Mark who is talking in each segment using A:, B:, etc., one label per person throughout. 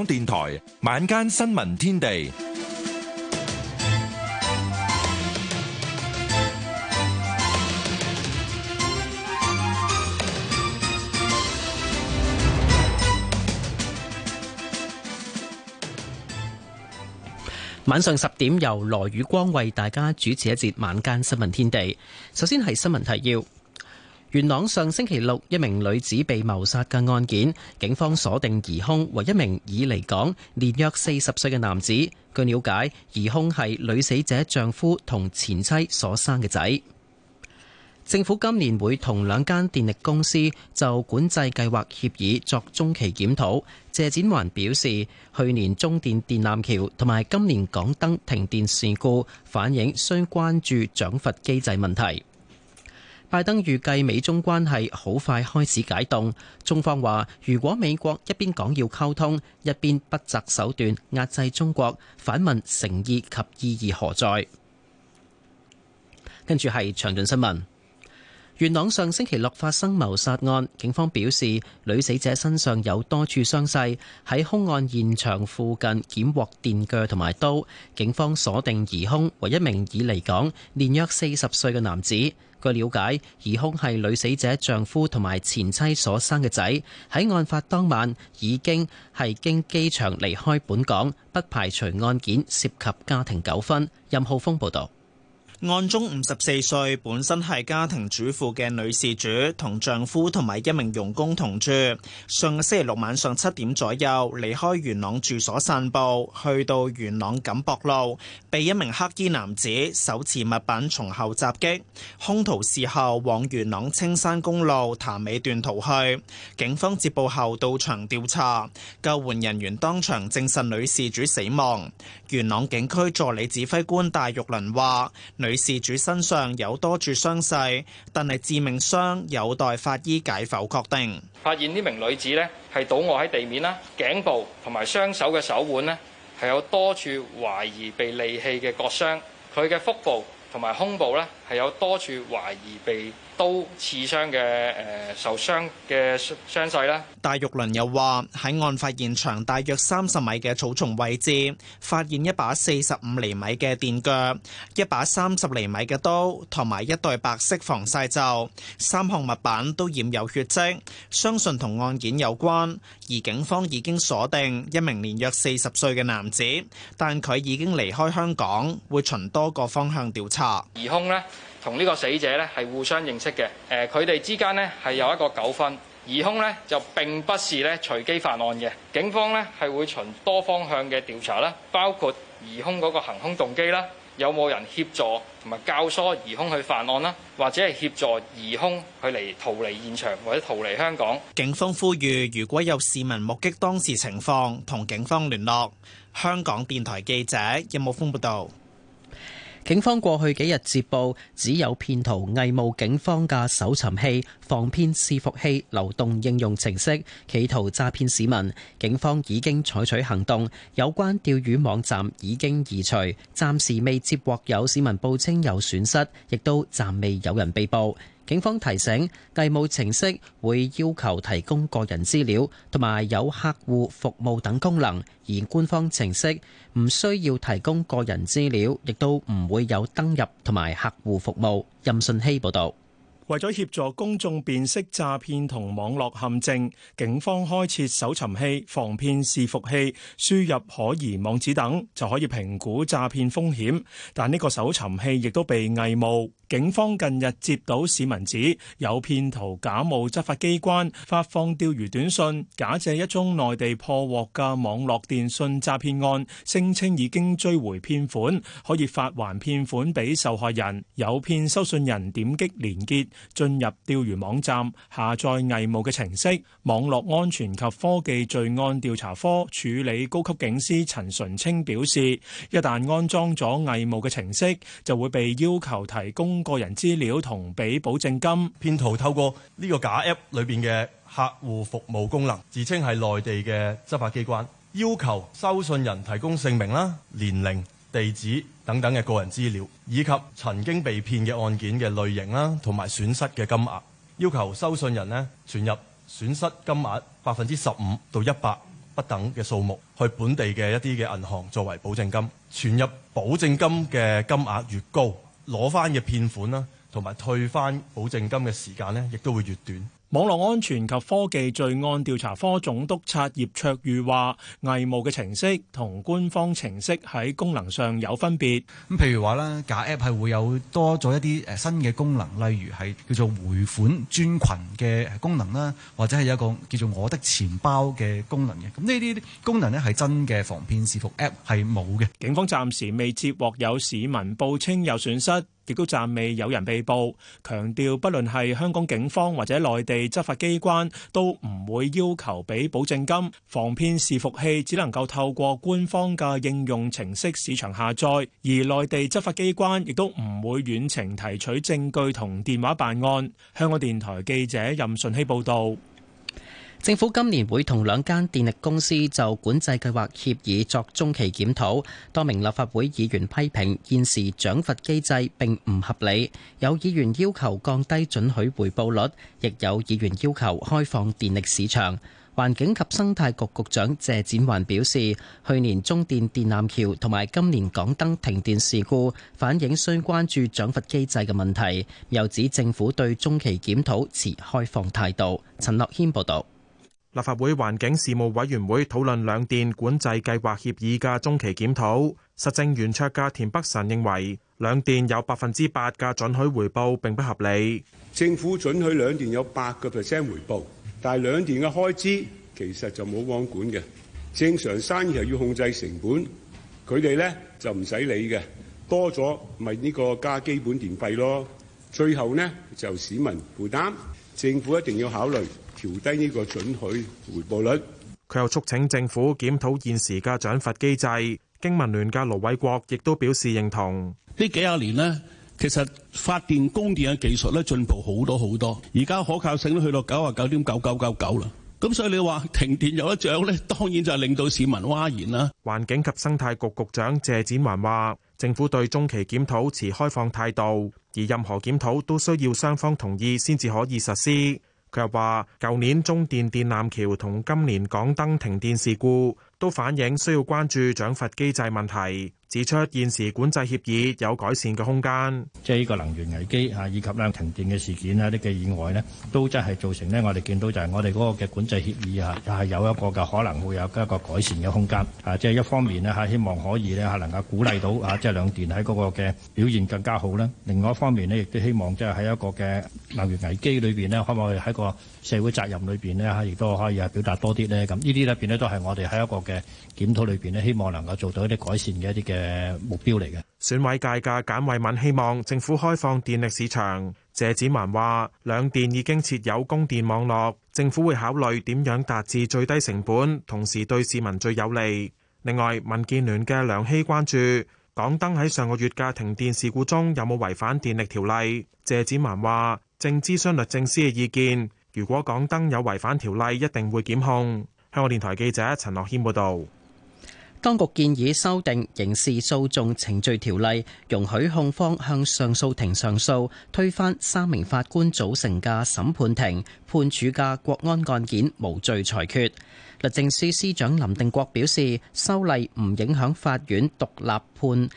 A: 港電台晚間新聞天地，
B: 晚上十點由羅宇光為大家主持一節晚間新聞天地。首先係新聞提要。元朗上星期六一名女子被謀殺嘅案件，警方鎖定疑凶為一名已離港、年約四十歲嘅男子。據了解，疑凶係女死者丈夫同前妻所生嘅仔。政府今年會同兩間電力公司就管制計劃協議作中期檢討。謝展寰表示，去年中電電纜橋同埋今年港燈停電事故反映需關注獎罰機制問題。拜登預計美中關係好快開始解凍。中方話，如果美國一邊講要溝通，一邊不擇手段壓制中國，反問誠意及意義何在？跟住係詳盡新聞。元朗上星期六發生謀殺案，警方表示女死者身上有多處傷勢，喺凶案現場附近檢獲電鋸同埋刀。警方鎖定疑凶為一名已離港、年約四十歲嘅男子。據了解，疑凶係女死者丈夫同埋前妻所生嘅仔，喺案發當晚已經係經機場離開本港，不排除案件涉及家庭糾紛。任浩峰報導。
C: 案中五十四歲，本身係家庭主婦嘅女事主，同丈夫同埋一名傭工同住。上個星期六晚上七點左右，離開元朗住所散步，去到元朗錦壆路，被一名黑衣男子手持物品從後襲擊，兇徒事後往元朗青山公路潭尾段逃去。警方接報後到場調查，救援人員當場證實女事主死亡。元朗警區助理指揮官戴玉麟話：女事主身上有多處傷勢，但係致命傷有待法醫解剖確定。
D: 發現呢名女子呢，係倒卧喺地面啦，頸部同埋雙手嘅手腕呢，係有多處懷疑被利器嘅割傷，佢嘅腹部同埋胸部呢，係有多處懷疑被刀刺傷嘅誒、呃、受傷嘅傷勢啦。
C: 戴玉倫又話喺案發現場大約三十米嘅草叢位置，發現一把四十五厘米嘅電鋸，一把三十厘米嘅刀，同埋一對白色防曬罩，三項物品都染有血跡，相信同案件有關。而警方已經鎖定一名年約四十歲嘅男子，但佢已經離開香港，會循多個方向調查
D: 疑凶呢，同呢個死者咧係互相認識嘅，誒佢哋之間咧係有一個糾紛，疑兇咧就並不是咧隨機犯案嘅，警方咧係會循多方向嘅調查啦，包括疑兇嗰個行兇動機啦，有冇人協助同埋教唆疑兇去犯案啦，或者係協助疑兇去嚟逃離現場或者逃離香港。
C: 警方呼籲如果有市民目擊當時情況，同警方聯絡。香港電台記者任武峯報導。
B: 警方過去幾日接報，指有騙徒偽冒警方嘅搜尋器、防騙伺服器、流動應用程式，企圖詐騙市民。警方已經採取行動，有關釣魚網站已經移除，暫時未接獲有市民報稱有損失，亦都暫未有人被捕。警方提醒，偽冒程式，會要
A: 求提供個人資料。警方近日接到市民指有騙徒假冒執法機關發放釣魚短信，假借一宗內地破獲嘅網絡電信詐騙案，聲稱已經追回騙款，可以發還騙款俾受害人。誘騙收信人點擊連結進入釣魚網站，下載偽冒嘅程式。網絡安全及科技罪案調查科處理高級警司陳純清表示，一旦安裝咗偽冒嘅程式，就會被要求提供個人資料同俾保證金，騙徒透過呢個假 App 裏邊嘅客戶服務功能，自稱係內地嘅執法機關，要求收信人提供姓名啦、年齡、地址等等嘅個人資料，以及曾經被騙嘅案件嘅類型啦，同埋損失嘅金額，要求收信人呢，存入損失金額百分之十五到一百不等嘅數目，去本地嘅一啲嘅銀行作為保證金，存入保證金嘅金額越高。攞翻嘅騙款啦，同埋退翻保證金嘅時間咧，亦都會越短。網絡安全及科技罪案調查科總督察葉卓裕話：偽冒嘅程式同官方程式喺功能上有分別。咁譬如話咧，假 app 係會有多咗一啲誒新嘅功能，例如係叫做回款專群嘅功能啦，或者係有一個叫做我的錢包嘅功能嘅。咁呢啲功能咧係真嘅防騙視伏 app 係冇嘅。警方暫時未接獲有市民報稱有損失。亦都暫未有人被捕，強調不論係香港警方或者內地執法機關都唔會要求俾保證金，防騙視伺服器只能夠透過官方嘅應用程式市場下載，而內地執法機關亦都唔會遠程提取證據同電話辦案。香港電台記者任順希報道。
B: 政府今年會同兩間電力公司就管制計劃協議作中期檢討。多名立法會議員批評現時獎罰機制並唔合理，有議員要求降低准許回報率，亦有議員要求開放電力市場。環境及生態局局長謝展寰表示，去年中電電纜橋同埋今年港燈停電事故反映需關注獎罰機制嘅問題，又指政府對中期檢討持開放態度。陳樂軒報導。立法會環境事務委員會討論兩電管制計劃協
E: 議嘅中期檢討，實政圓桌嘅田北辰認為，兩電有百分之八
A: 嘅准許回報，並不合理。政府准許兩電有八個 percent 回報，但係兩電嘅開支其實就冇監管嘅，正常生意係要控制成本，佢哋咧就唔使理嘅，多咗咪呢個加基本電費咯，最後咧就市民負擔，政府一定要考慮調低呢個准許回報率。
E: 佢又促請政府檢討現時嘅獎罰機制。經民聯嘅盧偉國亦都表示認同。呢幾廿年咧，其實
A: 發電供電嘅技術咧進步好多好多。而家可靠性咧去到九啊九點九九九九啦。咁所以你話停電有得獎咧，當然就係令到市民嘩然啦。
E: 環境及生態局局長謝展環話，政府對中期檢討持開放態度，而任何檢討都需要雙方同意先至可以實施。佢又話，舊年中電電纜橋同今年港燈停電事故，都反映需要關注獎罰機制問題。指出現時管制協議有改善嘅空間，即係呢個能源危機啊，以及呢停電嘅事件啊，呢啲嘅意外呢都真係造成呢。我哋見到
C: 就係我哋嗰個嘅管制協議啊，又係有一個嘅可能會有一個改善嘅空間。啊，即係一方面呢，係，希望可以呢係能夠鼓勵到啊，即係兩電喺嗰個嘅表現更加好啦。另外一方面呢，亦都希望即係喺一個嘅能源危機裏邊呢，可唔可以喺個社會責任
E: 裏邊咧，亦都可以表達多啲呢咁呢啲咧，邊咧都係我哋喺一個嘅檢討裏邊咧，希望能夠做到一啲改善嘅一啲嘅目標嚟嘅。選委界嘅簡慧敏希望政府開放電力市場。謝展寰話兩電已經設有供電網絡，政府會考慮點樣達至最低成本，同時對市民最有利。另外，民建聯嘅梁希關注港燈喺上個月嘅停電事故中有冇違反電力條例。謝展寰話正諮詢律政司嘅意見。如果港燈有
B: 違反條例，一定會檢控。香港電台記者陳樂軒報導。當局建議修訂刑事訴訟程序條例，容許控方向上訴庭上訴，推翻三名法官組成嘅審判庭判處嘅國安案件無罪裁決。律政司司長林定國表示，修例唔影響法院獨立判。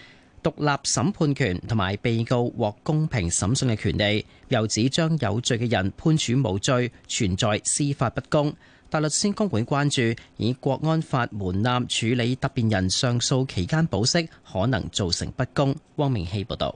B: 獨立審判權同埋被告獲公平審訊嘅權利，又指將有罪嘅人判處無罪，存在司法不公。大律師公會關注以國安法門檻處理答辯人上訴期間保釋，可能造成不公。汪明熙報道。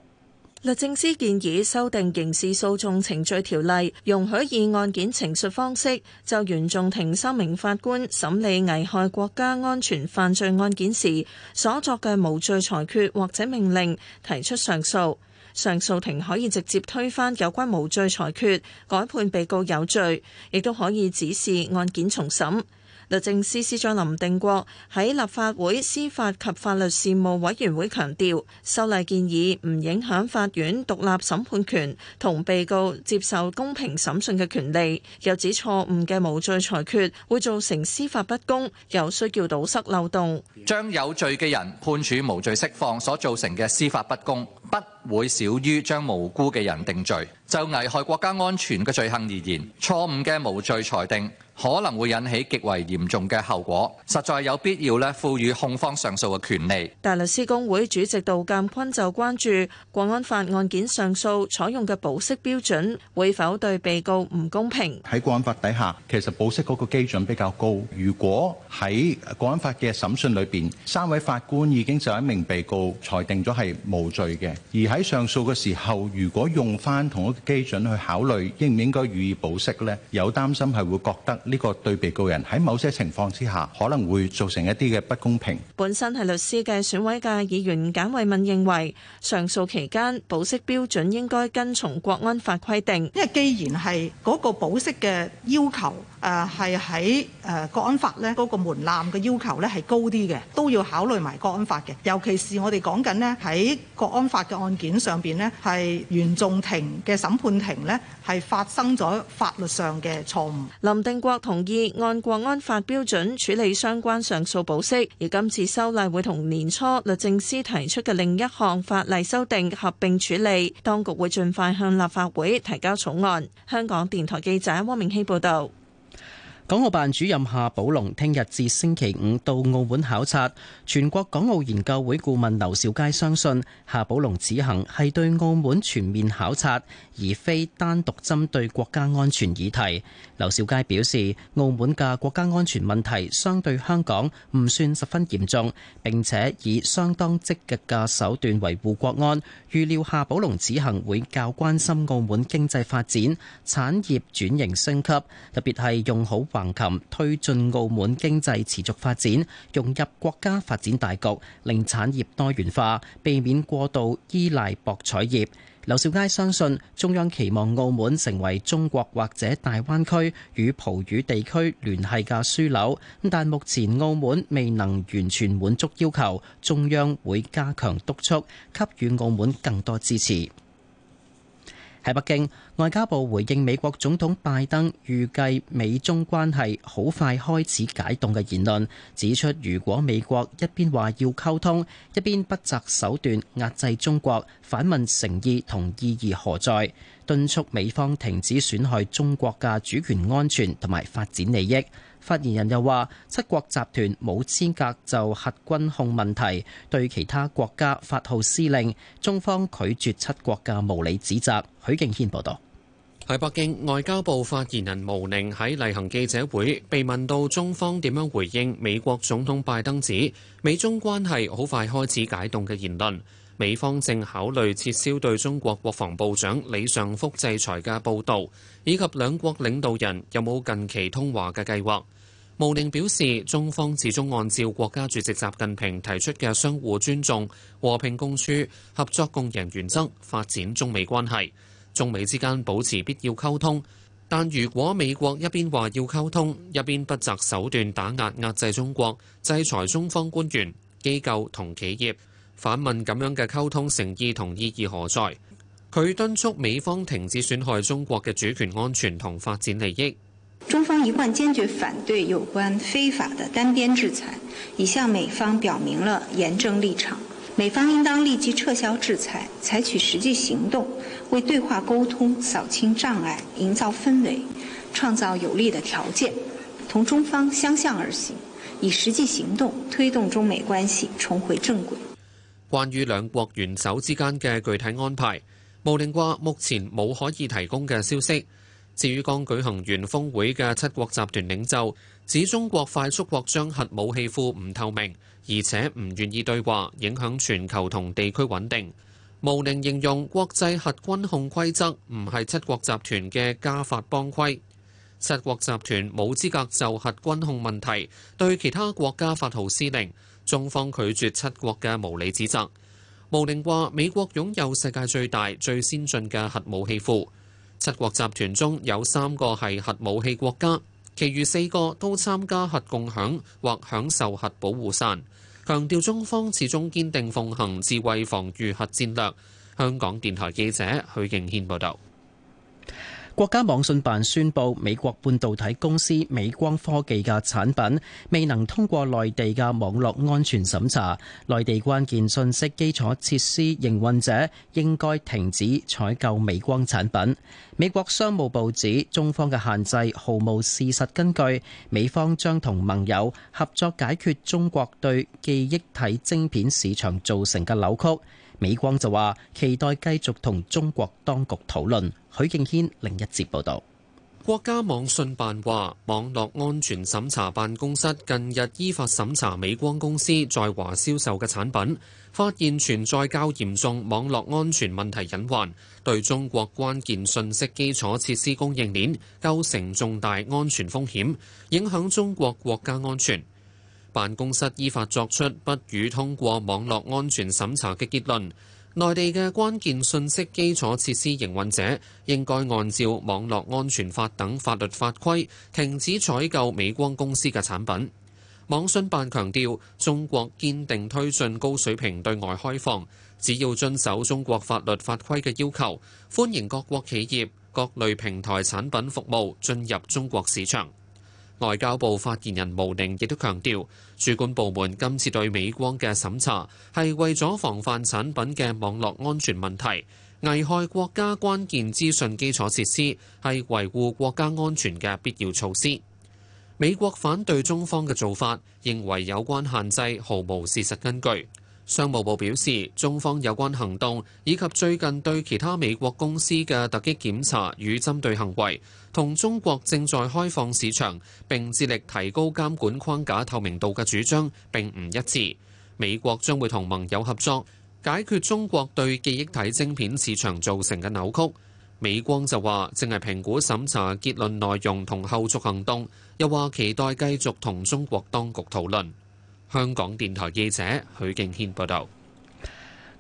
F: 律政司建議修訂刑事訴訟程序條例，容許以案件陳述方式就原訟庭三名法官審理危害國家安全犯罪案件時所作嘅無罪裁決或者命令提出上訴。上訴庭可以直接推翻有關無罪裁決，改判被告有罪，亦都可以指示案件重審。律政司司長林定國喺立法會司法及法律事務委員會強調，修例建議唔影響法院獨立審判權同被告接受公平審訊嘅權利。又指錯誤嘅無罪裁決會造成司法不公，又需要堵塞漏洞，將
D: 有罪嘅人判處無罪釋放所造成嘅司法不公，不會少於將無辜嘅人定罪。就危害國家安全嘅罪行而言，錯誤嘅無罪裁定可能會引起極為嚴重嘅後果，實在有必要咧賦予控方上訴嘅權利。
F: 大律師公會主席杜鑑坤就關注國安法案件上訴採用嘅保釋標準會否對被告唔公平？
D: 喺國安法底下，
A: 其實保釋嗰個基準比較高。如果喺國安法嘅審訊裏邊，三位法官已經就一名被告裁定咗係無罪嘅，而喺上訴嘅時候，如果用翻同一。基準去考慮應唔應該予以保釋呢？有擔心係會覺得呢個對被告人喺某些情況之下可能會造成
F: 一啲嘅不公平。誒係喺誒國安法呢，嗰個門檻嘅要求呢係高啲嘅，都要考慮埋國安法嘅。尤其是我哋講緊呢喺國安法嘅案件上邊呢，係原訟庭嘅審判庭呢係發生咗法律上嘅錯誤。林定國同意按國安法標準處理相關上訴保釋，而今次修例會同年初律政司提出嘅另一項法例修訂合併處理，當局會盡快向立法會提交草案。香港電台記者汪明希報導。
B: 港澳辦主任夏寶龍聽日至星期五到澳門考察，全國港澳研究會顧問劉兆佳相信夏寶龍此行係對澳門全面考察，而非單獨針對國家安全議題。劉兆佳表示，澳門嘅國家安全問題相對香港唔算十分嚴重，並且以相當積極嘅手段維護國安。預料夏寶龍此行會較關心澳門經濟發展、產業轉型升級，特別係用好橫琴推進澳門經濟持續發展，融入國家發展大局，令產業多元化，避免過度依賴博彩業。劉少佳相信中央期望澳門成為中國或者大灣區與葡語地區聯繫嘅樞紐，但目前澳門未能完全滿足要求，中央會加強督促，給予澳門更多支持。喺北京，外交部回應美國總統拜登預計美中關係好快開始解凍嘅言論，指出如果美國一邊話要溝通，一邊不擇手段壓制中國，反問誠意同意義何在？敦促美方停止損害中國嘅主權安全同埋發展利益。發言人又話七國集團冇資格就核軍控問題對其他國家發號施令，中方拒絕七國嘅無理指責。許敬軒報道。
D: 喺北京，外交部發言人毛寧喺例行記者會被問到中方點樣回應美國總統拜登指美中關係好快開始解凍嘅言論。美方正考慮撤銷對中國國防部長李尚福制裁嘅報導，以及兩國領導人有冇近期通話嘅計劃。毛寧表示，中方始終按照國家主席習近平提出嘅相互尊重、和平共處、合作共贏原則發展中美關係。中美之間保持必要溝通，但如果美國一邊話要溝通，一邊不擇手段打壓、壓制中國，制裁中方官員、機構同企業。反問咁樣嘅溝通誠意同意義何在？佢敦促美方停止損害中國嘅主權安全同發展利益。
G: 中
F: 方一貫堅決反對有關非法的單邊制裁，已向美方表明了嚴正立場。美方應當立即撤銷制裁，採取實際行動，為對話溝通掃清障礙、營造氛圍、創造有利的條件，同中方相向而行，以實際行動推動中美關係重回正軌。
D: 關於兩國元首之間嘅具體安排，毛寧話目前冇可以提供嘅消息。至於剛舉行完峰會嘅七國集團領袖指中國快速擴張核武器庫唔透明，而且唔願意對話，影響全球同地區穩定。毛寧形容國際核軍控規則唔係七國集團嘅家法幫規，七國集團冇資格就核軍控問題對其他國家發號施令。中方拒絕七國嘅無理指責。毛寧話：美國擁有世界最大、最先進嘅核武器庫。七國集團中有三個係核武器國家，其餘四個都參加核共享或享受核保護傘。強調中方始終堅定奉行自衛防禦核戰略。香港電台記者許敬軒報導。
B: 國家網信辦宣布，美國半導體公司美光科技嘅產品未能通過內地嘅網絡安全審查，內地關鍵信息基礎設施營運者應該停止採購美光產品。美國商務部指，中方嘅限制毫無事實根據，美方將同盟友合作解決中國對記憶體晶片市場造成嘅扭曲。美光就話期待繼續同中國當局討論。許敬軒，另一節報導。
D: 國家網信辦話，網絡安全審查辦公室近日依法審查美光公司在華銷售嘅產品，發現存在較嚴重網絡安全問題隱患，對中國關鍵信息基礎設施供應鏈構成重大安全風險，影響中國國家安全。辦公室依法作出不予通過網絡安全審查嘅結論。內地嘅關鍵信息基礎設施營運者應該按照《網絡安全法》等法律法規，停止採購美光公司嘅產品。網信辦強調，中國堅定推進高水平對外開放，只要遵守中國法律法規嘅要求，歡迎各國企業、各類平台產品服務進入中國市場。外交部發言人毛寧亦都強調，主管部門今次對美光嘅審查係為咗防範產品嘅網絡安全問題，危害國家關鍵資訊基礎設施，係維護國家安全嘅必要措施。美國反對中方嘅做法，認為有關限制毫無事實根據。商務部表示，中方有關行動，以及最近對其他美國公司嘅突擊檢查與針對行為，同中國正在開放市場，並致力提高監管框架透明度嘅主張，並唔一致。美國將會同盟友合作，解決中國對記憶體晶片市場造成嘅扭曲，美光就話正係評估審查結論內容同後續行動，又話期待繼續同中國當局討論。香港電台記者許敬軒報道。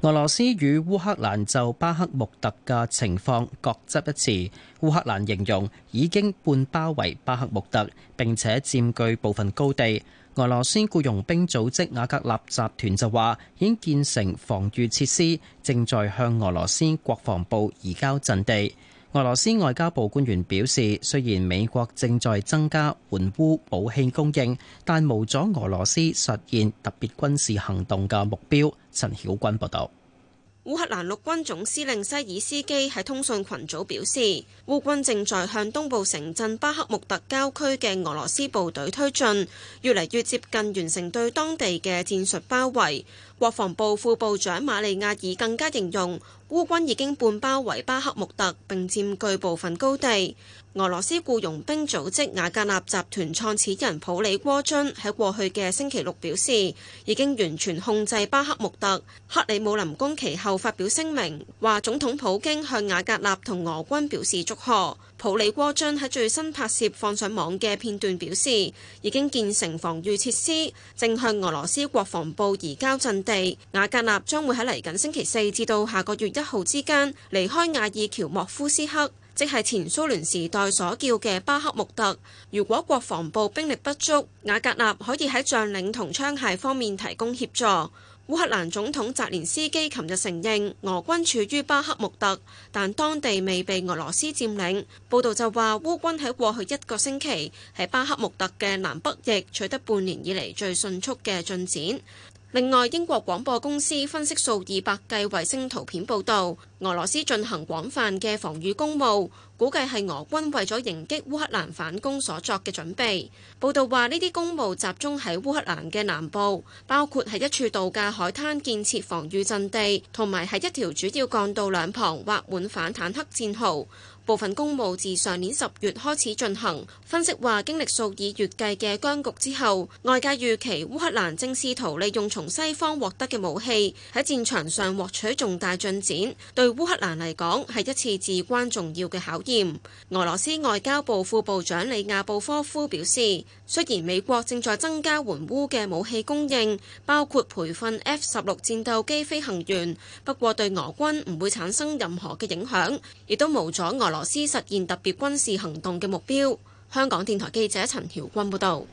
B: 俄羅斯與烏克蘭就巴克穆特嘅情況各執一詞。烏克蘭形容已經半包圍巴克穆特，並且佔據部分高地。俄羅斯僱傭兵組織瓦格納集團就話，已經建成防禦設施，正在向俄羅斯國防部移交陣地。俄羅斯外交部官員表示，雖然美國正在增加援烏武器供應，但無阻俄羅斯實現特別軍事行動嘅目標。陳曉君報道。
H: 烏克蘭陸軍總司令西爾斯基喺通訊群組表示，烏軍正在向東部城鎮巴克穆特郊區嘅俄羅斯部隊推進，越嚟越接近完成對當地嘅戰術包圍。國防部副部長馬利亞爾更加形容烏軍已經半包圍巴克穆特，並佔據部分高地。俄羅斯僱傭兵組織瓦格納集團創始人普里戈津喺過去嘅星期六表示，已經完全控制巴克穆特。克里姆林宮其後發表聲明，話總統普京向瓦格納同俄軍表示祝賀。普里戈津喺最新拍攝放上網嘅片段表示，已經建成防禦設施，正向俄羅斯國防部移交陣地。雅格納將會喺嚟緊星期四至到下個月一號之間離開亞爾喬莫夫斯克，即係前蘇聯時代所叫嘅巴克穆特。如果國防部兵力不足，雅格納可以喺將領同槍械方面提供協助。烏克蘭總統澤連斯基琴日承認俄軍處於巴克穆特，但當地未被俄羅斯佔領。報道就話，烏軍喺過去一個星期喺巴克穆特嘅南北翼取得半年以嚟最迅速嘅進展。另外，英國廣播公司分析數以百計衛星圖片，報導俄羅斯進行廣泛嘅防禦工務，估計係俄軍為咗迎擊烏克蘭反攻所作嘅準備。報導話，呢啲工務集中喺烏克蘭嘅南部，包括喺一處度假海灘建設防禦陣地，同埋喺一條主要幹道兩旁劃滿反坦克戰壕。部分公務自上年十月開始進行。分析話，經歷數以月計嘅僵局之後，外界預期烏克蘭正試圖利用從西方獲得嘅武器喺戰場上獲取重大進展。對烏克蘭嚟講係一次至關重要嘅考驗。俄羅斯外交部副部長里亞布科夫表示，雖然美國正在增加援烏嘅武器供應，包括培訓 F 十六戰鬥機飛行員，不過對俄軍唔會產生任何嘅影響，亦都冇阻俄俄羅斯實現特別軍事行動嘅目標。香港電台記者陳曉君報道，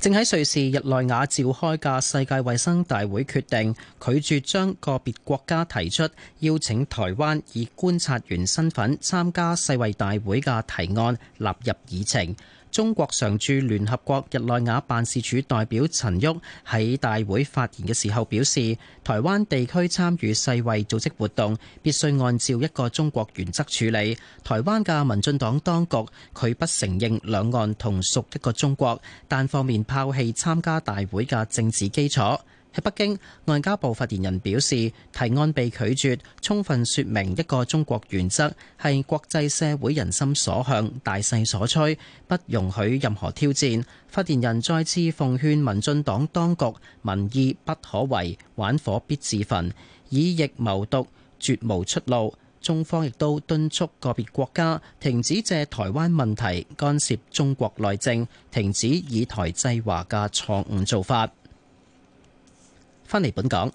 B: 正喺瑞士日內瓦召開嘅世界衛生大會決定，拒絕將個別國家提出邀請台灣以觀察員身份參加世衛大會嘅提案納入議程。中國常駐聯合國日內瓦辦事處代表陳旭喺大會發言嘅時候表示，台灣地區參與世衛組織活動必須按照一個中國原則處理。台灣嘅民進黨當局拒不承認兩岸同屬一個中國，單方面拋棄參加大會嘅政治基礎。喺北京，外交部發言人表示，提案被拒絕，充分說明一個中國原則係國際社會人心所向、大勢所趨，不容許任何挑戰。發言人再次奉勸民進黨當局，民意不可違，玩火必自焚，以疫謀獨，絕無出路。中方亦都敦促個別國家停止借台灣問題干涉中國內政，停止以台制華嘅錯誤做法。返嚟本港，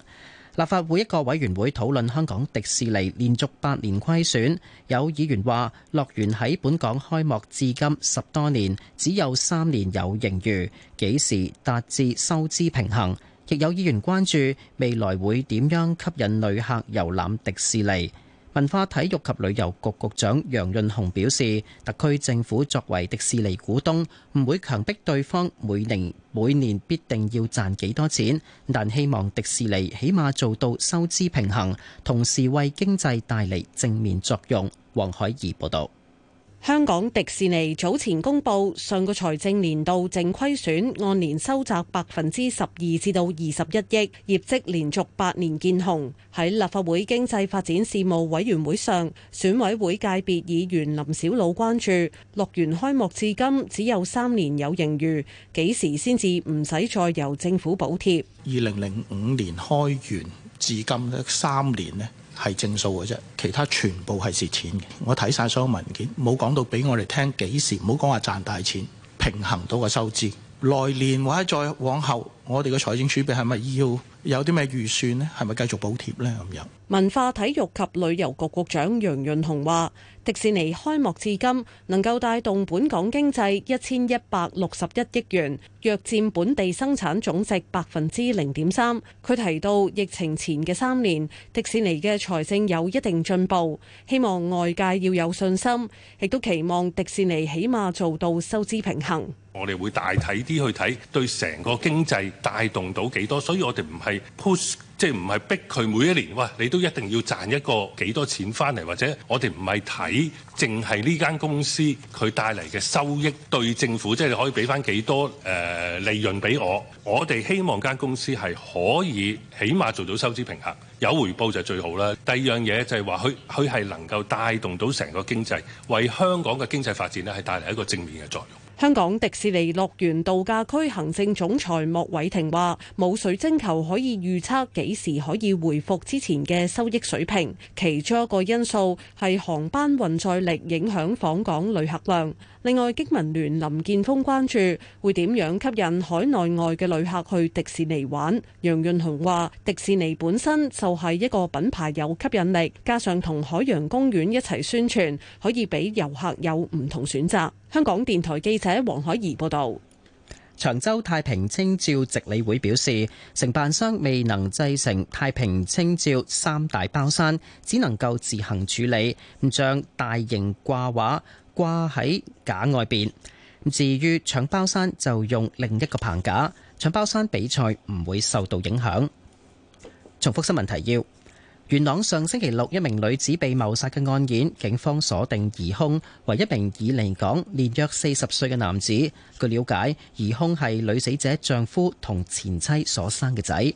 B: 立法會一個委員會討論香港迪士尼連續八年虧損，有議員話：樂園喺本港開幕至今十多年，只有三年有盈餘，幾時達至收支平衡？亦有議員關注未來會點樣吸引旅客遊覽迪士尼。文化體育及旅遊局局長楊潤雄表示，特區政府作為迪士尼股東，唔會強迫對方每年每年必定要賺幾多錢，但希望迪士尼起碼做到收支平衡，同時為經濟帶嚟正面作用。黃海怡報導。
G: 香港迪士尼早前公布，上個財政年度淨虧損按年收窄百分之十二至到二十一億，業績連續八年見紅。喺立法會經濟發展事務委員會上，選委會界別議員林小魯關注，樂園開幕至今只有三年有盈餘，幾時先至唔使再由政府補貼？
A: 二零零五年開園至今咧，三年呢。係正數嘅啫，其他全部係蝕錢嘅。我睇晒所有文件，冇講到畀我哋聽幾時，冇講話賺大錢，平衡到個收支。來年或者再往後，我哋嘅財政儲備係咪要？有啲咩預算呢？係咪繼續補貼呢？咁樣
G: 文化體育及旅遊局局長楊潤雄話：迪士尼開幕至今能夠帶動本港經濟一千一百六十一億元，約佔本地生產總值百分之零點三。佢提到疫情前嘅三年，迪士尼嘅財政有一定進步，希望外界要有信心，亦都期望迪士尼起碼做到收支平衡。
A: 我哋會大體啲去睇對成個經濟帶動到幾多，所以我哋唔係 push，即係唔係逼佢每一年，哇，你都一定要賺一個幾多錢翻嚟，或者我哋唔係睇淨係呢間公司佢帶嚟嘅收益對政府，即係你可以俾翻幾多誒利潤俾我。我哋希望間公司係可以起碼做到收支平衡，有回報就最好啦。第二樣嘢就係話佢，佢係能夠帶動到成個經濟，為香港嘅經濟發展咧，係帶嚟一個正面嘅作用。
G: 香港迪士尼樂園度假區行政總裁莫偉霆話：冇水晶球可以預測幾時可以回復之前嘅收益水平，其中一個因素係航班運載力影響訪港旅客量。另外，經民聯林健鋒關注會點樣吸引海內外嘅旅客去迪士尼玩。楊潤雄話：迪士尼本身就係一個品牌，有吸引力，加上同海洋公園一齊宣傳，可以俾遊客有唔同選擇。香港電台記者黃海怡報道，
B: 長洲太平清醮值理會表示，承辦商未能製成太平清醮三大包山，只能夠自行處理，唔將大型掛畫掛喺架外邊。至於搶包山就用另一個棚架，搶包山比賽唔會受到影響。重複新聞提要。元朗上星期六一名女子被謀殺嘅案件，警方鎖定疑兇為一名已離港年約四十歲嘅男子。據了解，疑兇係女死者丈夫同前妻所生嘅仔。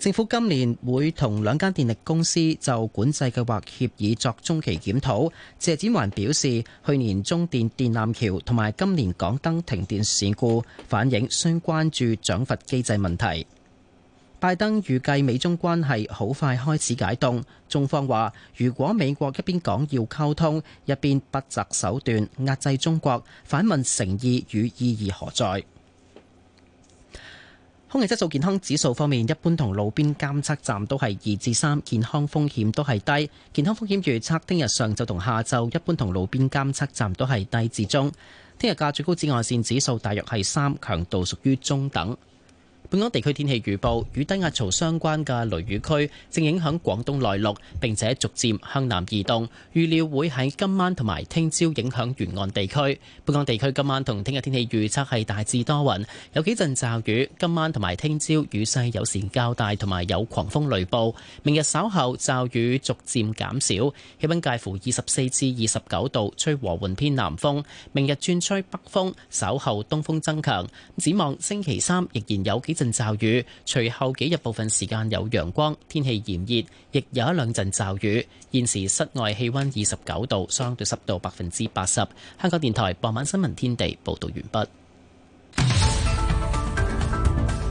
B: 政府今年會同兩間電力公司就管制計劃協議作中期檢討。謝展寰表示，去年中電電纜橋同埋今年港燈停電事故反映需關注獎罰機制問題。拜登預計美中關係好快開始解凍，中方話：如果美國一邊講要溝通，一邊不擇手段壓制中國，反問誠意與意義何在？空氣質素健康指數方面，一般同路邊監測站都係二至三，健康風險都係低。健康風險預測聽日上晝同下晝一般，同路邊監測站都係低至中。聽日嘅最高紫外線指數大約係三，強度屬於中等。本港地區天氣預報，與低壓槽相關嘅雷雨區正影響廣東內陸，並且逐漸向南移動。預料會喺今晚同埋聽朝影響沿岸地區。本港地區今晚同聽日天氣預測係大致多雲，有幾陣驟雨。今晚同埋聽朝雨勢有時較大，同埋有狂風雷暴。明日稍後驟雨逐漸減少，氣温介乎二十四至二十九度，吹和緩偏南風。明日轉吹北風，稍後東風增強。展望星期三仍然有幾一陣驟雨，隨後幾日部分時間有陽光，天氣炎熱，亦有一兩陣驟雨。現時室外氣溫二十九度，相對濕度百分之八十。香港電台傍晚新聞天地報道完
G: 畢。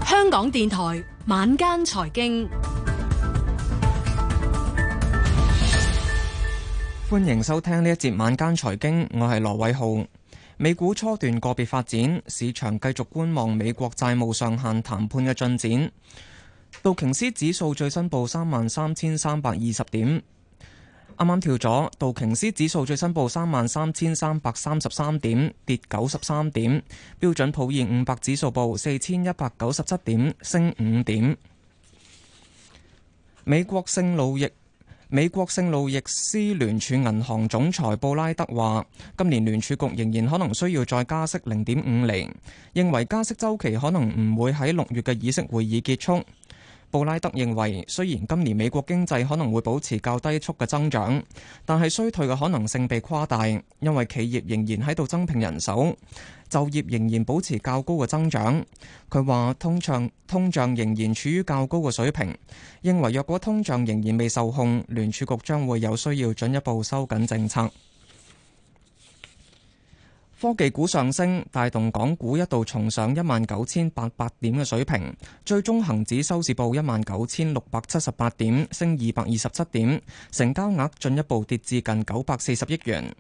G: 香港電台晚間財經，
I: 歡迎收聽呢一節晚間財經，我係羅偉浩。美股初段個別發展，市場繼續觀望美國債務上限談判嘅進展。道瓊斯指數最新報三萬三千三百二十點，啱啱跳咗。道瓊斯指數最新報三萬三千三百三十三點，跌九十三點。標準普爾五百指數報四千一百九十七點，升五點。美國聖路易美國聖路易斯聯儲銀行總裁布拉德話，今年聯儲局仍然可能需要再加息零點五厘，認為加息週期可能唔會喺六月嘅議息會議結束。布拉德認為，雖然今年美國經濟可能會保持較低速嘅增長，但係衰退嘅可能性被誇大，因為企業仍然喺度增聘人手，就業仍然保持較高嘅增長。佢話，通脹通脹仍然處於較高嘅水平，認為若果通脹仍然未受控，聯儲局將會有需要進一步收緊政策。科技股上升，帶動港股一度重上一萬九千八百點嘅水平，最終恒指收市報一萬九千六百七十八點，升二百二十七點，成交額進一步跌至近九百四十億元。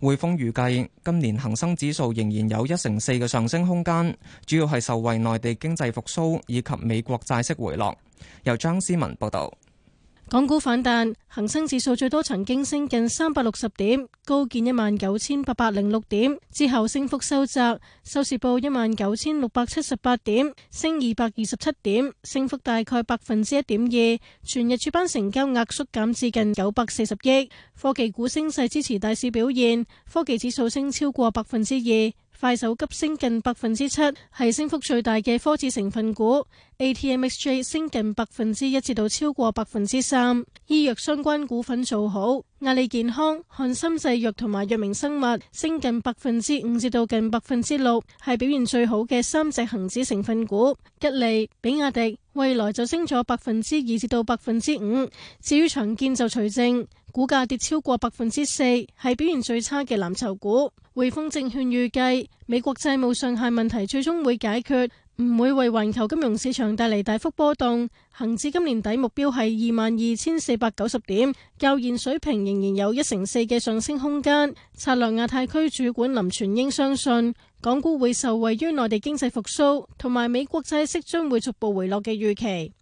I: 匯豐預計今年恒生指數仍然有一成四嘅上升空間，主要係受惠內地經濟復甦以及美國債息回落。由張思文報道。
J: 港股反彈，恒生指數最多曾經升近三百六十點，高見一萬九千八百零六點，之後升幅收窄，收市報一萬九千六百七十八點，升二百二十七點，升幅大概百分之一點二。全日主板成交額縮減至近九百四十億。科技股升勢支持大市表現，科技指數升超過百分之二，快手急升近百分之七，係升幅最大嘅科技成分股。ATMXJ 升近百分之一，至到超過百分之三。醫藥相關股份做好，阿里健康、翰森製藥同埋藥明生物升近百分之五，至到近百分之六，係表現最好嘅三隻恒指成分股。吉利、比亞迪、蔚來就升咗百分之二，至到百分之五。至於長建就除淨，股價跌超過百分之四，係表現最差嘅藍籌股。匯豐證券預計美國債務上限問題最終會解決。唔會為環球金融市場帶嚟大幅波動。恒指今年底目標係二萬二千四百九十點，較現水平仍然有一成四嘅上升空間。策略亞太區主管林全英相信，港股會受惠於內地經濟復蘇，同埋美國債息將會逐步回落嘅預期。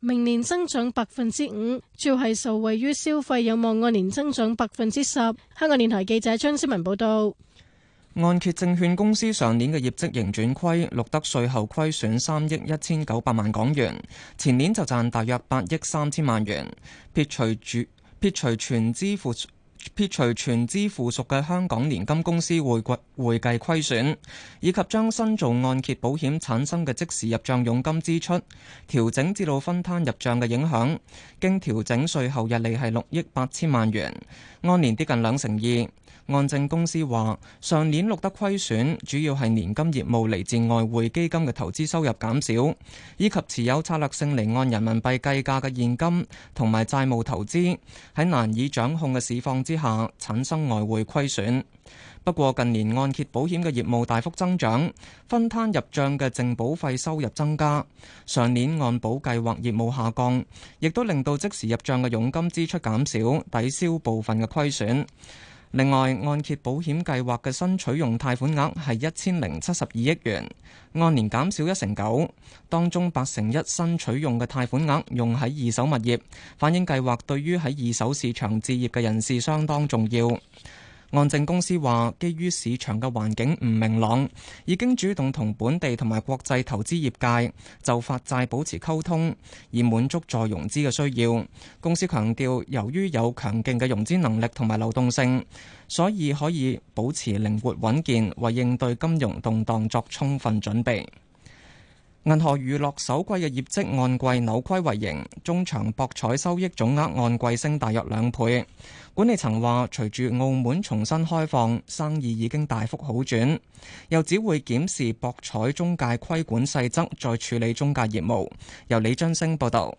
J: 明年增長百分之五，主要係受惠於消費有望按年增長百分之十。香港電台記者張思文報道。
I: 按揭證券公司上年嘅業績，盈轉虧，錄得稅後虧損三億一千九百萬港元，前年就賺大約八億三千萬元，撇除主撇除全支付。撇除全資附屬嘅香港年金公司會計虧損，以及將新做按揭保險產生嘅即時入賬佣金支出調整至到分攤入賬嘅影響，經調整稅後溢利係六億八千萬元，按年跌近兩成二。按證公司話，上年錄得虧損主要係年金業務嚟自外匯基金嘅投資收入減少，以及持有策略性離岸人民幣計價嘅現金同埋債務投資喺難以掌控嘅市況之下產生外匯虧損。不過近年按揭保險嘅業務大幅增長，分攤入賬嘅淨保費收入增加。上年按保計劃業務下降，亦都令到即時入賬嘅佣金支出減少，抵消部分嘅虧損。另外，按揭保險計劃嘅新取用貸款額係一千零七十二億元，按年減少一成九。當中八成一新取用嘅貸款額用喺二手物業，反映計劃對於喺二手市場置業嘅人士相當重要。安正公司話，基於市場嘅環境唔明朗，已經主動同本地同埋國際投資業界就發債保持溝通，以滿足再融資嘅需要。公司強調，由於有強勁嘅融資能力同埋流動性，所以可以保持靈活穩健，為應對金融動蕩作充分準備。銀河娛樂首季嘅業績按季扭虧為盈，中場博彩收益總額按季升大約兩倍。管理層話，隨住澳門重新開放，生意已經大幅好轉，又只會檢視博彩中介規管細則，再處理中介業務。由李津升報道。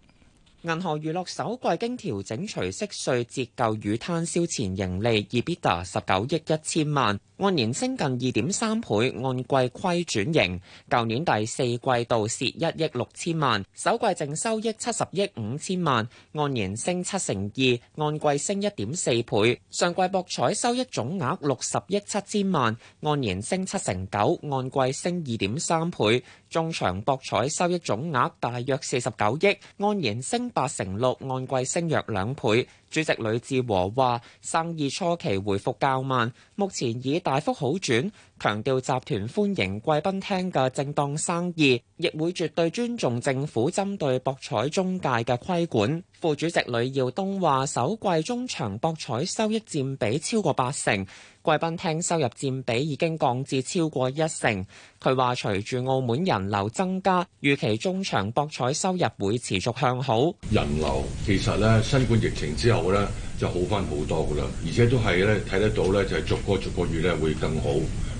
K: 銀河娛樂首季經調整除息稅折舊與攤銷前盈利 EBITDA 十九億一千萬，按年升近二點三倍，按季虧轉盈。舊年第四季度蝕一億六千萬，首季淨收益七十億五千萬，按年升七成二，按季升一點四倍。上季博彩收益總額六十億七千萬，按年升七成九，按季升二點三倍。中場博彩收益總額大約四十九億，6，按年升八成六，按季升約兩倍。主席呂志和話：生意初期回復較慢，目前已大幅好轉。強調集團歡迎貴賓廳嘅正當生意，亦會絕對尊重政府針對博彩中介嘅規管。副主席呂耀東話：首季中場博彩收益占比超過八成，貴賓廳收入占比已經降至超過一成。佢話隨住澳門人流增加，預期中場博彩收入會持續向好。
A: 人流其實咧，新冠疫情之後咧就好翻好多噶啦，而且都係咧睇得到咧，就係逐個逐個月咧會更好。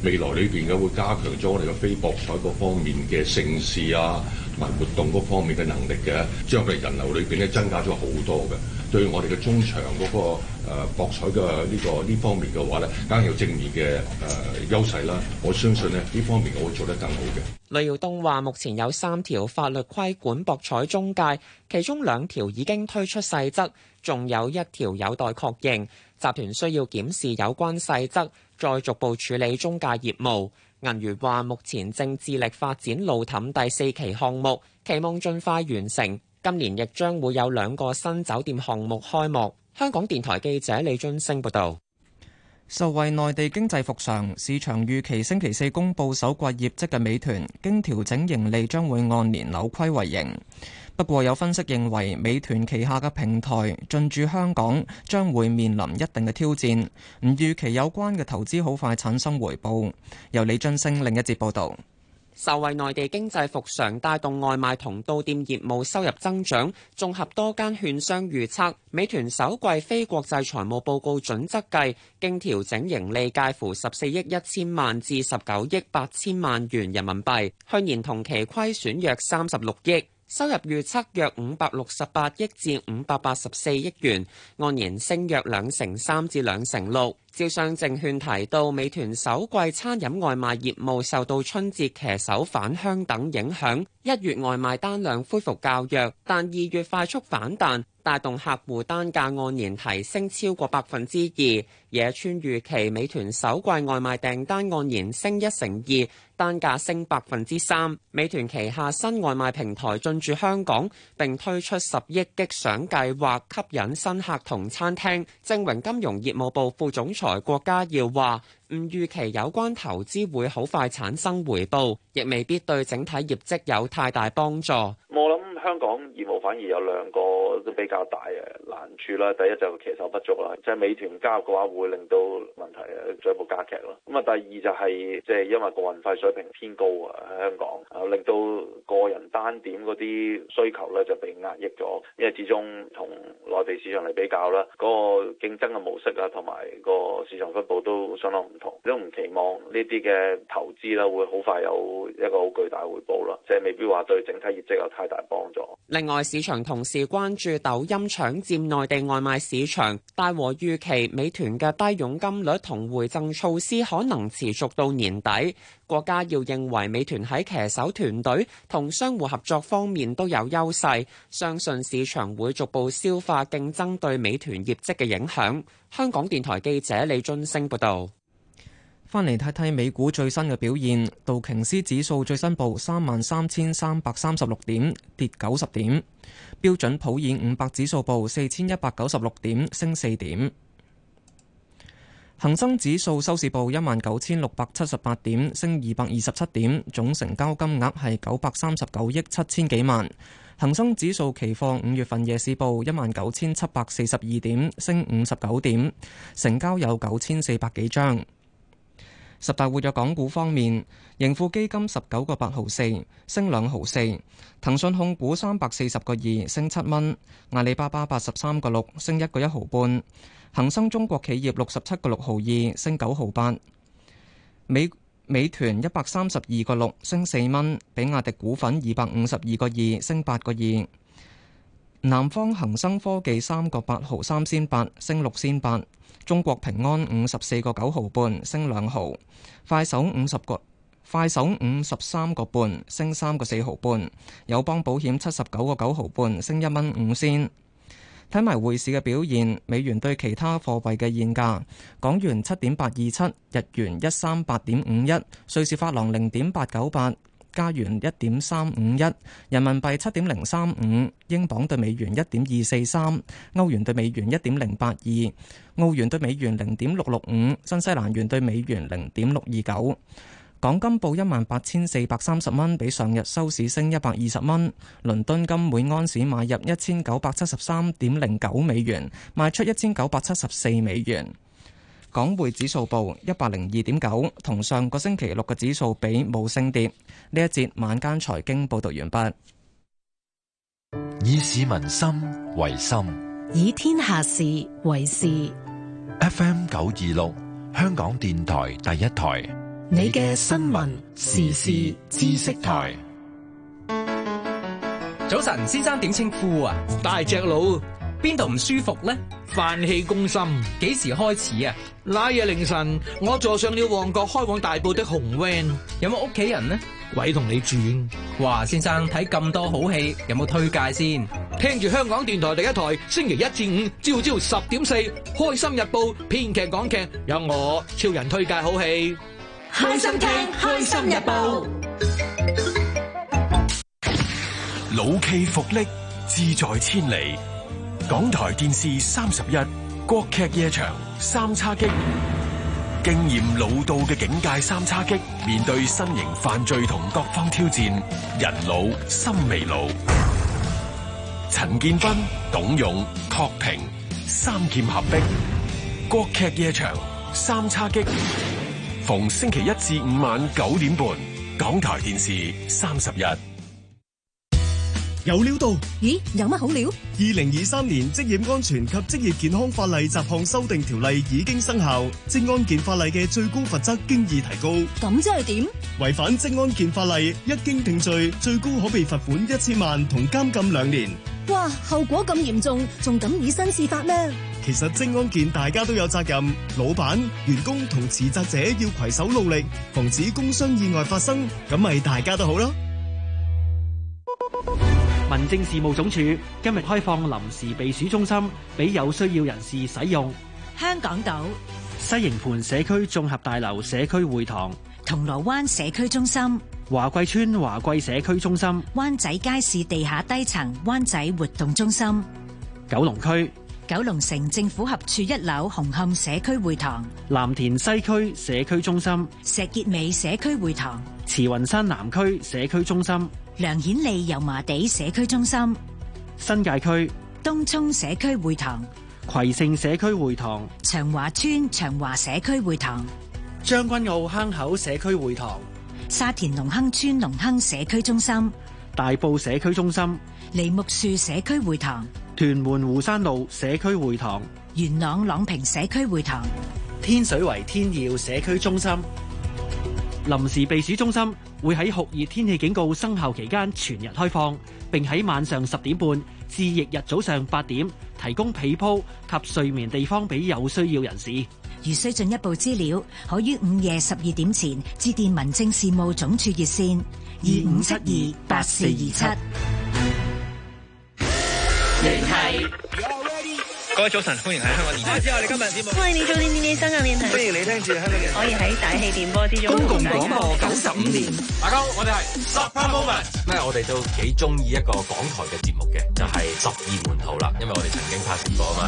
A: 未來裏邊嘅會加強咗我哋嘅非博彩嗰方面嘅盛事啊，同埋活動嗰方面嘅能力嘅、啊，將佢人流裏邊咧增加咗好多嘅，對於我哋嘅中場嗰、那個、呃、博彩嘅呢、這個呢方面嘅話咧，梗係有正面嘅誒優勢啦。我相信咧呢方面我會做得更好嘅。
K: 雷耀東話：目前有三條法律規管博彩中介，其中兩條已經推出細則，仲有一條有待確認。集團需要檢視有關細則。再逐步處理中介業務。銀娛話，目前正致力發展路氹第四期項目，期望盡快完成。今年亦將會有兩個新酒店項目開幕。香港電台記者李津升報導。
I: 受惠內地經濟復常，市場預期星期四公佈首季業績嘅美團，經調整盈利將會按年扭虧為盈。不過，有分析認為，美團旗下嘅平台進駐香港將會面臨一定嘅挑戰。唔預期有關嘅投資好快產生回報。由李晉升另一節報道，
K: 受惠內地經濟復常，帶動外賣同到店業務收入增長。綜合多間券商預測，美團首季非國際財務報告準則計，經調整盈利介乎十四億一千萬至十九億八千萬元人民幣，去年同期虧損約三十六億。收入預測約五百六十八億至五百八十四億元，按年升約兩成三至兩成六。招商證券提到，美團首季餐飲外賣業務受到春節騎手返鄉等影響，一月外賣單量恢復較弱，但二月快速反彈，帶動客戶單價按年提升超過百分之二。野村預期美團首季外賣訂單按年升一成二，單價升百分之三。美團旗下新外賣平台進駐香港，並推出十億激賞計劃吸引新客同餐廳。正榮金融業務部副總裁。來國家要話唔預期有關投資會好快產生回報，亦未必對整體業績有太大幫助。冇
A: 啦。香港業務反而有兩個都比較大嘅難處啦。第一就騎手不足啦，即係美團交易嘅話，會令到問題啊進一步加劇咯。咁啊，第二就係即係因為個運費水平偏高啊，喺香港啊，令到個人單點嗰啲需求咧就被壓抑咗。因為始終同內地市場嚟比較啦，嗰個競爭嘅模式啊，同埋個市場分布都相當唔同。都唔期望呢啲嘅投資啦，會好快有一個好巨大回報啦。即係未必話對整體業績有太大幫助。
K: 另外，市場同時關注抖音搶佔內地外賣市場，大和預期美團嘅低佣金率同回贈措施可能持續到年底。國家要認為美團喺騎手團隊同商戶合作方面都有優勢，相信市場會逐步消化競爭對美團業績嘅影響。香港電台記者李俊升報導。
I: 翻嚟睇睇美股最新嘅表現，道瓊斯指數最新報三萬三千三百三十六點，跌九十點；標準普爾五百指數報四千一百九十六點，升四點；恒生指數收市報一萬九千六百七十八點，升二百二十七點，總成交金額係九百三十九億七千幾萬。恒生指數期貨五月份夜市報一萬九千七百四十二點，升五十九點，成交有九千四百幾張。十大活躍港股方面，盈富基金十九個八毫四升兩毫四，騰訊控股三百四十個二升七蚊，阿里巴巴八十三個六升一個一毫半，恒生中國企業六十七個六毫二升九毫八，美美團一百三十二個六升四蚊，比亞迪股份二百五十二個二升八個二，南方恒生科技三個八毫三先八升六先八。中國平安五十四個九毫半，升兩毫；快手五十個，快手五十三個半，升三個四毫半；友邦保險七十九個九毫半，升一蚊五仙。睇埋匯市嘅表現，美元對其他貨幣嘅現價：港元七點八二七，日元一三八點五一，瑞士法郎零點八九八。加元一點三五一，人民幣七點零三五，英鎊兌美元一點二四三，歐元兌美元一點零八二，澳元兌美元零點六六五，新西蘭元兌美元零點六二九。港金報一萬八千四百三十蚊，比上日收市升一百二十蚊。倫敦金每安士買入一千九百七十三點零九美元，賣出一千九百七十四美元。港匯指數報一百零二點九，同上個星期六嘅指數比冇升跌。呢一節晚間財經報道完畢。以市民心為心，
J: 以天下事為事。
A: FM 九二六，香港電台第一台。
E: 你嘅新聞時事
A: 知識台。
D: 早晨，先生點稱呼啊？大隻佬。健康。健康。邊度唔舒服呢？飯氣攻心，幾時開始啊？那夜凌晨，我坐上了旺角開往大埔的紅 van，有冇屋企人呢？鬼同你轉哇！華先生睇咁多好戲，有冇推介先？聽住香港電台第一台，星期一至五朝朝十點四，開心日報編劇港劇，有我超人推介好戲，
G: 開心聽開心日報，
E: 老驥伏櫪，志在千里。港台電視三十一，國劇夜場三叉戟，經驗老到嘅境界。三叉戟，面對新型犯罪同各方挑戰，人老心未老。陳 建斌、董勇、郝平三劍合璧，國劇夜場三叉戟， 逢星期一至五晚九點半，港台電視三十一。
A: 有料到？咦，有乜好料？二零二三年職業安全及職業健康法例雜項修訂條例已經生效，職安健法例嘅最高罰則經已提高。咁即係點？違反職安健法例一經定罪，最高可被罰款一千萬同監禁兩年。
H: 哇，後果咁嚴重，仲敢以身試
A: 法咩？其實職安健大家都有責任，老闆、員工同持份者要携手努力，防止工傷意外發生，咁咪大家都好咯。
D: 民政事務總署今日開放臨時避暑中心畀有需要人士使用。
J: 香港島
D: 西營盤社區綜合大樓
B: 社區會堂、銅鑼灣社區中心、華貴村華貴社區中心、灣仔街市地下低層灣仔活動中心、九龍區
F: 九龍城政府合署一樓紅磡社區會堂、
B: 藍田西區社區中心、石硤
F: 尾社區會堂、
B: 慈雲山南區社區中心、梁顯利油麻地社區中心，新界區東涌社區會堂，葵盛社區會堂，長華村長華社區會堂，將軍澳坑口社區會堂，沙田隆亨村隆亨社區中心，大埔社區中心，梨木樹社區會堂，屯門湖山路社區會堂，元朗朗平社區會堂，天水圍天耀社區中心。臨時避暑中心會喺酷熱天氣警告生效期間全
D: 日開放，並喺晚
F: 上
K: 各位
F: 早晨，歡迎喺香港電台。我歡迎你，啊，今日節目，歡迎你做呢啲電台香港電台。歡
K: 迎你聽住香港電台。可以喺
F: 大氣電波之中公共廣播九十五年。大家
K: 好，我哋係 Super Moment。咩？
A: 我
H: 哋都幾中意一個港台嘅節目嘅，就係十二門徒啦。因為我哋曾經拍攝過啊嘛。